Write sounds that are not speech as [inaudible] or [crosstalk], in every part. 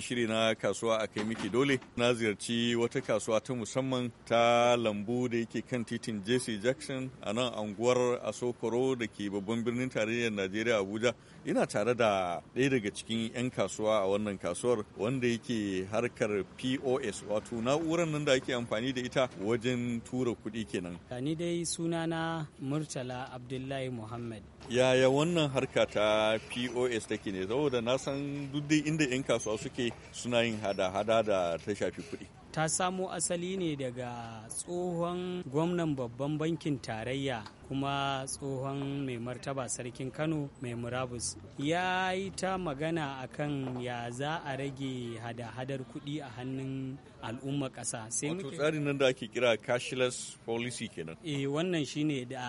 Shiri na kasuwa a kai miki dole na ziyarci wata kasuwa ta musamman ta lambu da yake kan titin jesse Jackson a nan anguwar Asokoro da ke babban birnin tarayyar Najeriya Abuja. Ina tare da ɗaya daga cikin 'yan kasuwa a wannan kasuwar wanda yake harkar POS wato na'urar nan da ake amfani da ita wajen tura kuɗi kenan. Ni dai sunana Murtala Abdullahi Muhammad. Yaya wannan harka ta POS take ne saboda na san duk dai inda 'yan kasuwa suke suna yin hada-hada da ta shafi kuɗi. ta samo asali ne daga tsohon gwamnan babban bankin tarayya kuma tsohon mai martaba sarkin kano mai murabus ya yi ta magana a kan ya za a rage hada-hadar kuɗi a hannun al'umma ƙasa sai muke tsarin nan da ake kira cashless policy kenan eh wannan shine da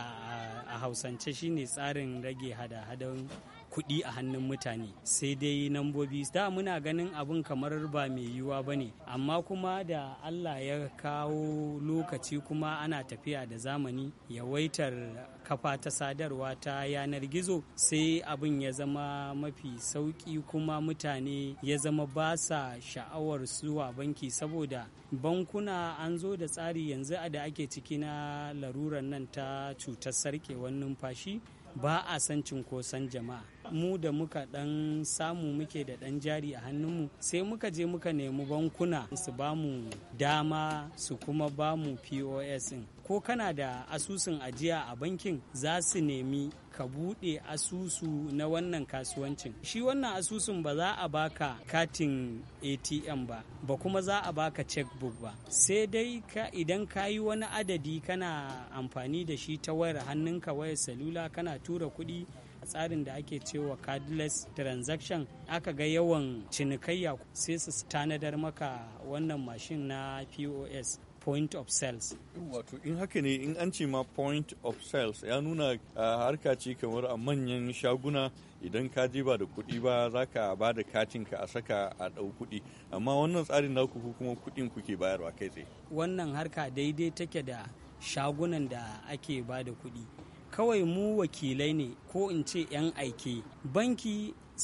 a hausance shine tsarin rage hada-hadar kuɗi a hannun mutane sai dai nambobi da muna ganin abin kamar ba mai yiwuwa ba ne amma kuma da allah ya kawo lokaci kuma ana tafiya da zamani yawaitar kafa ta sadarwa ta yanar gizo sai abin ya zama mafi sauƙi kuma mutane ya zama ba sa sha'awar zuwa banki saboda bankuna an zo da tsari yanzu a da ake ciki na larurar nan ta cutar sarkewar numfashi ba a san cinkoson jama'a mu da muka dan samu muke da dan jari a hannunmu sai muka je muka nemi bankuna su bamu dama su kuma bamu pos in. ko kana da asusun ajiya a bankin za su nemi ka buɗe asusu na wannan kasuwancin shi wannan asusun ba za a baka katin atm ba ba kuma za a baka checkbook ba sai dai ka idan ka yi wani adadi kana amfani da shi ta wayar hannunka wayar salula kana tura kuɗi tsarin da ake cewa cardless transaction aka ga yawan cinikayya sai su tanadar maka wannan mashin na pos point of sales. Wato in haka ne in an ce ma point of sales ya nuna harka ce kamar a manyan shaguna idan ka je ba da kuɗi ba za ka ba da katin ka a saka a ɗau kuɗi amma wannan tsarin naku ku kuma kuɗin kuke bayarwa kai tsaye. Wannan harka daidai take da shagunan da ake ba da kuɗi. kawai mu wakilai ne ko in ce 'yan aiki banki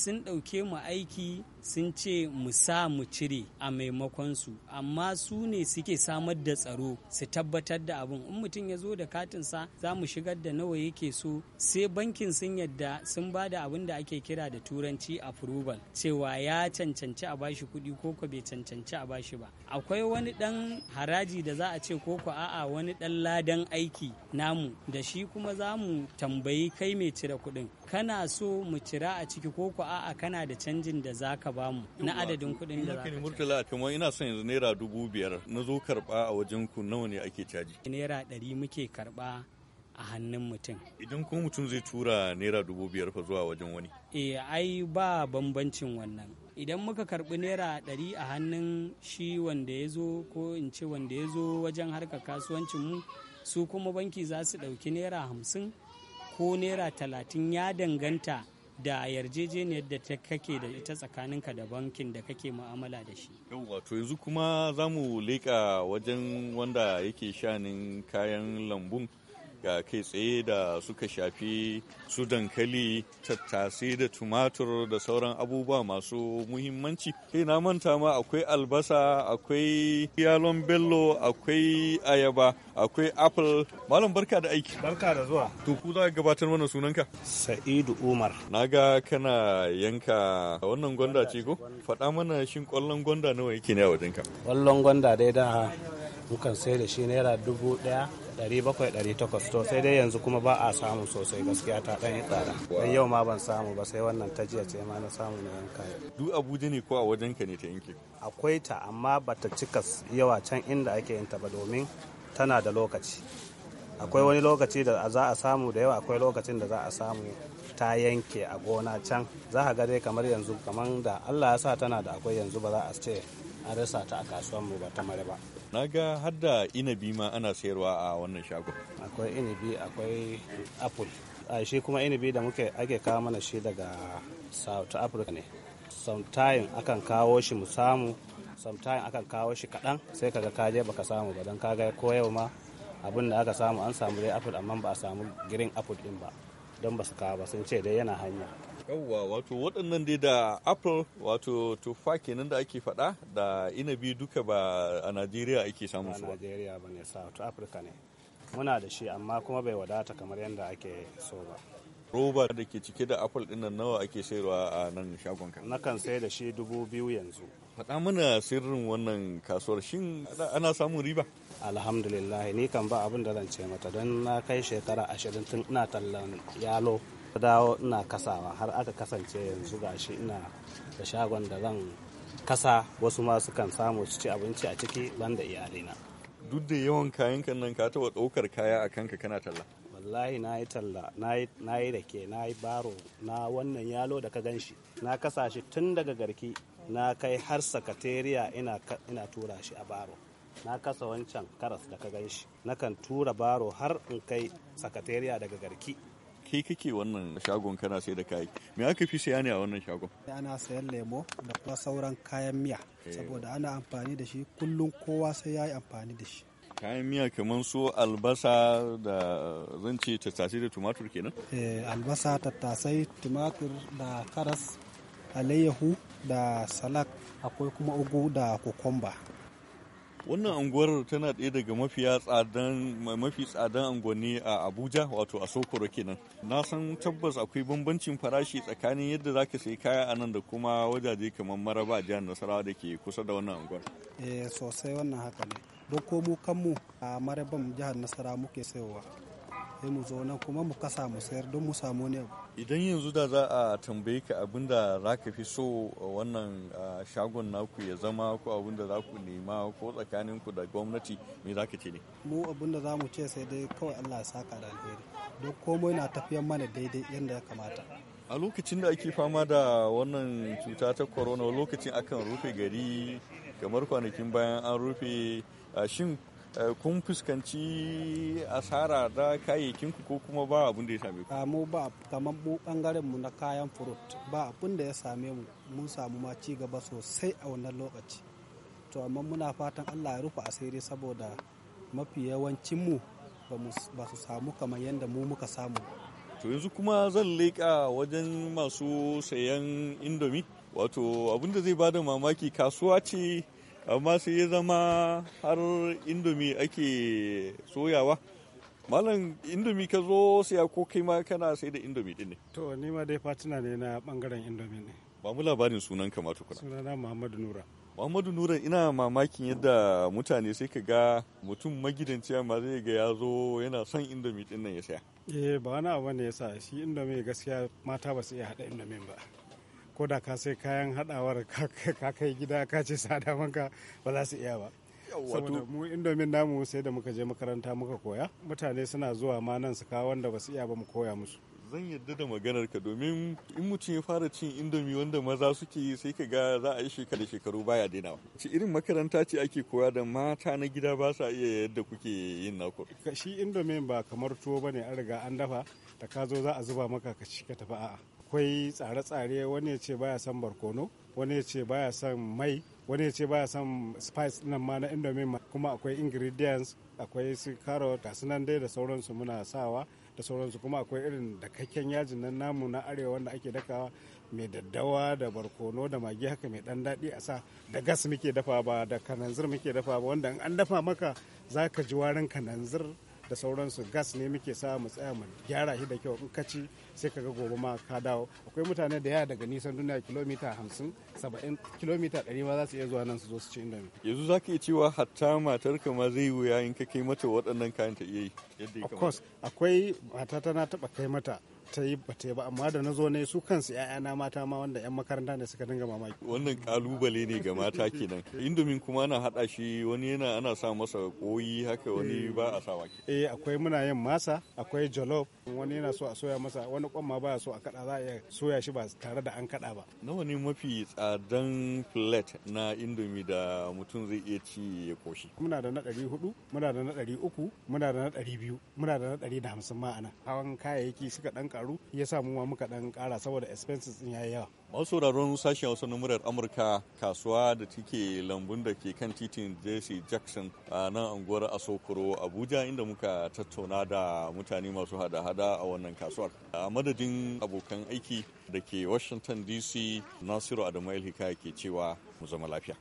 sun ɗauke mu aiki sun ce mu sa mu cire a maimakon su amma su ne suke samar da tsaro su tabbatar da abin in mutum ya zo da katinsa za mu shigar da nawa yake so sai bankin sun yadda sun ba da abin da ake kira da turanci a approval cewa ya cancanci a bashi kuɗi ko ko bai cancanci a bashi ba akwai wani ɗan haraji da za a ce ko ko a'a wani ɗan ladan aiki namu da shi kuma za mu tambayi kai mai cire kuɗin kana so mu cira a ciki ko ko a'a kana da canjin da za mu na adadin kuɗin da za ka murtala kamar ina son yanzu naira dubu biyar na zo karɓa a wajen ku nawa ne ake caji naira ɗari muke karɓa a hannun mutum idan ko mutum zai tura naira dubu biyar fa zuwa wajen wani eh ai ba bambancin wannan idan muka karbi naira ɗari a hannun shi wanda ya zo ko in ce wanda ya zo wajen harkar kasuwancin mu su kuma banki za su ɗauki naira hamsin ko naira talatin ya danganta da yarjejeniyar da ta kake da ita tsakaninka da bankin da kake mu'amala da shi. wato yanzu kuma za mu leƙa wajen wanda yake shanin kayan lambun ga kai tsaye da suka shafi su dankali tattasai da tumatur da sauran abubuwa masu muhimmanci sai eh, na manta ma akwai albasa akwai yalon bello akwai ayaba akwai apple malam barka da aiki barka da zuwa to ku za gabatar mana sunanka sa'idu umar na ga kana yanka wannan gwanda ce ko faɗa mana shin kwallon gwanda nawa yake ne a wajenka kwallon gwanda dai da mukan sai da shi naira dubu daya. 700-800 to sai dai yanzu kuma ba a samu sosai gaskiya ta ɗan yi tsada dan yau ma ban samu ba sai wannan ta jiya ce ma na samu na yanka duk abuja ne ko a wajen ka ne ta yanke akwai ta amma bata cika yawa can inda ake yin ta ba domin tana da lokaci akwai wani lokaci da za a samu da yawa akwai lokacin da za a samu ta yanke a gona can za ka ga dai kamar yanzu kamar da allah ya sa tana da akwai yanzu ba za a ce an rasa ta a kasuwar mu ba ta mare ba na ga har da inabi ma ana sayarwa a wannan shagon akwai inabi akwai apple a shi kuma inabi da muke ake kawo mana shi daga south africa ne sometime akan kawo shi mu samu sometime akan kawo shi kaɗan sai kaga ka kaje baka samu ba don kaga ko yau ma abin da aka samu an samu dai apple amma ba a samu green apple din ba don ba su kawo ba sun ce dai yana hanya yawwa wato waɗannan dai da apple wato tufa kenan da ake faɗa da inabi duka ba a najeriya ake samun su ba najeriya ba ne sa wato Afirka ne muna da shi amma kuma bai wadata kamar yadda ake so ba roba da ke cike da apple ɗin nawa ake sayarwa a nan shagon ka nakan sai da shi dubu biyu yanzu faɗa mana sirrin wannan kasuwar shin ana samun riba alhamdulillah ni kan ba abin da zan ce mata don na kai shekara ashirin tun ina tallan yalo dawo ina kasawa har aka kasance yanzu gashi ina da shagon da zan kasa wasu masu kan samu su ci abinci a ciki banda iyalina duk da yawan kayan kan nan ka taba ɗaukar kaya a kanka kana talla wallahi na yi talla na yi rake na yi baro na wannan yalo da ka gan shi na kasa shi tun daga garki na kai har sakateriya ina tura shi a baro na kasa wancan karas da ka gan shi kan tura baro har in kai sakateriya daga garki kai kake wannan shagon kana sai da kayi me aka fi saya ne a wannan shagon ana sayan lemo da kuma sauran kayan miya eh. saboda ana amfani da shi kullum kowa sai ya yi amfani da shi kayan miya kamar su albasa da zan tattasai da tumatur kenan eh albasa tattasai tumatur da karas alayyahu da salak akwai kuma ugu da kokomba wannan unguwar tana ɗaya daga mafi tsadan unguwanni a abuja wato a sokoro kenan na san tabbas akwai bambancin farashi tsakanin yadda za ka sayi kaya a nan da kuma wajaje kamar maraba a jihar nasarawa da ke kusa da wannan unguwar eh sosai wannan haka ne duk ko mu kanmu a maraban jihar nasarawa muke sayowa sai mu zo nan kuma mu kasa mu sayar don mu samu ne idan yanzu da za a tambaye ka abin da za ka fi so wannan shagon naku ya zama ko abin da za ku nema ko tsakanin ku da gwamnati me za ka ce ne mu abin da za mu ce sai dai kawai Allah ya saka da alheri duk komai na tafiyan mana daidai yadda ya kamata a lokacin da ake fama da wannan cuta ta corona lokacin akan rufe gari kamar kwanakin bayan an rufe shin Eh, kun fuskanci asara da kayayyakinku ko kuma ba abin da ya same ku? Ah, mu ba kamar mu bangaren mu na kayan furut ba abin da ya same mu mun samu ma ci gaba sosai a wannan lokaci to amma muna fatan Allah ya rufe asiri saboda mafi yawancin mu ba su samu kamar yadda mu muka samu to yanzu kuma zan leƙa wajen masu sayan indomi wato abin da zai bada mamaki kasuwa ce amma sai ya zama har indomi ake soyawa malam indomi ka zo siya ko kai ma kana sai da indomi din ne to ni ma dai fatina ne na bangaren indomi ne ba mu labarin sunan ka ma tukuna sunana muhammadu nura Muhammadu Nura ina mamakin yadda mutane sai ka ga mutum magidanci amma zai ga ya zo yana son indomi din nan ya saya. Eh ba wani abu ne ya sa shi indomi gaskiya mata ba su iya hada indomi ba. ko da ka sai kayan haɗawar [laughs] ka kai gida ka ce sada maka ba za su iya ba saboda mu indomin namu sai da muka je makaranta muka koya mutane suna zuwa ma nan su kawo wanda ba su iya ba mu koya musu zan yadda da maganar ka domin in mutum ya fara cin indomi wanda maza suke yi sai ka ga za a yi shekara shekaru baya dainawa ci irin makaranta ce ake koya da mata na gida ba sa iya yadda kuke yin naku shi indomin ba kamar tuwo bane an riga an dafa da ka zo za a zuba maka ka ci ka tafi a'a akwai tsare-tsare wani ya ce baya son barkono wani ya ce baya son mai wani ya ce baya son spice nan ma na indomin kuma akwai ingredients akwai su carrot gasu nan dai da sauransu muna sawa da sauransu kuma akwai irin dakakken yajin nan namu na arewa wanda ake dakawa mai daddawa da barkono da magi haka mai dan daɗi a sa da gas muke dafa ba da kananzir muke dafa ba wanda an dafa maka za ka ji warin kananzir da sauransu gas ne muke sa mu tsaya mu gyara shi da kyau in ka ci sai ka ga gobe ma ka dawo akwai mutane da yawa daga nisan duniya kilomita hamsin saba'in kilomita ɗari ma za su iya zuwa nan su zo su ci inda yanzu za ka iya cewa hatta matar ma zai wuya in ka kai mata waɗannan kayan ta iya yi of course akwai mata tana taɓa kai mata ta yi ba ta yi ba amma da na zo ne su kansu ‘ya'yana mata ma wanda ‘yan makaranta ne suka dinga mamaki. Wannan kalubale ne ga mata kenan. Indomin kuma ana haɗa shi wani yana ana sa masa koyi haka wani eh. ba a sawa. Eh akwai muna yin masa akwai jollof wani yana so a soya masa wani kwan ma baya so a kaɗa za a iya soya shi ba tare da an kaɗa ba. Nawa ne mafi tsadan plate na indomi da mutum zai iya ci ya koshi. Muna da na ɗari muna da na ɗari uku muna da na ɗari biyu muna da na ɗari da hamsin ma'ana. Hawan kayayyaki suka ɗan karu ya samu ma muka dan kara saboda expenses din yayi yawa masu sauraron sashen wasu na murar amurka kasuwa da take lambun da ke kan titin jesse jackson a nan anguwar asokoro abuja inda muka tattauna da mutane masu hada-hada a wannan kasuwar a madadin abokan aiki da ke washington dc nasiru adamu hikaya ke cewa mu zama lafiya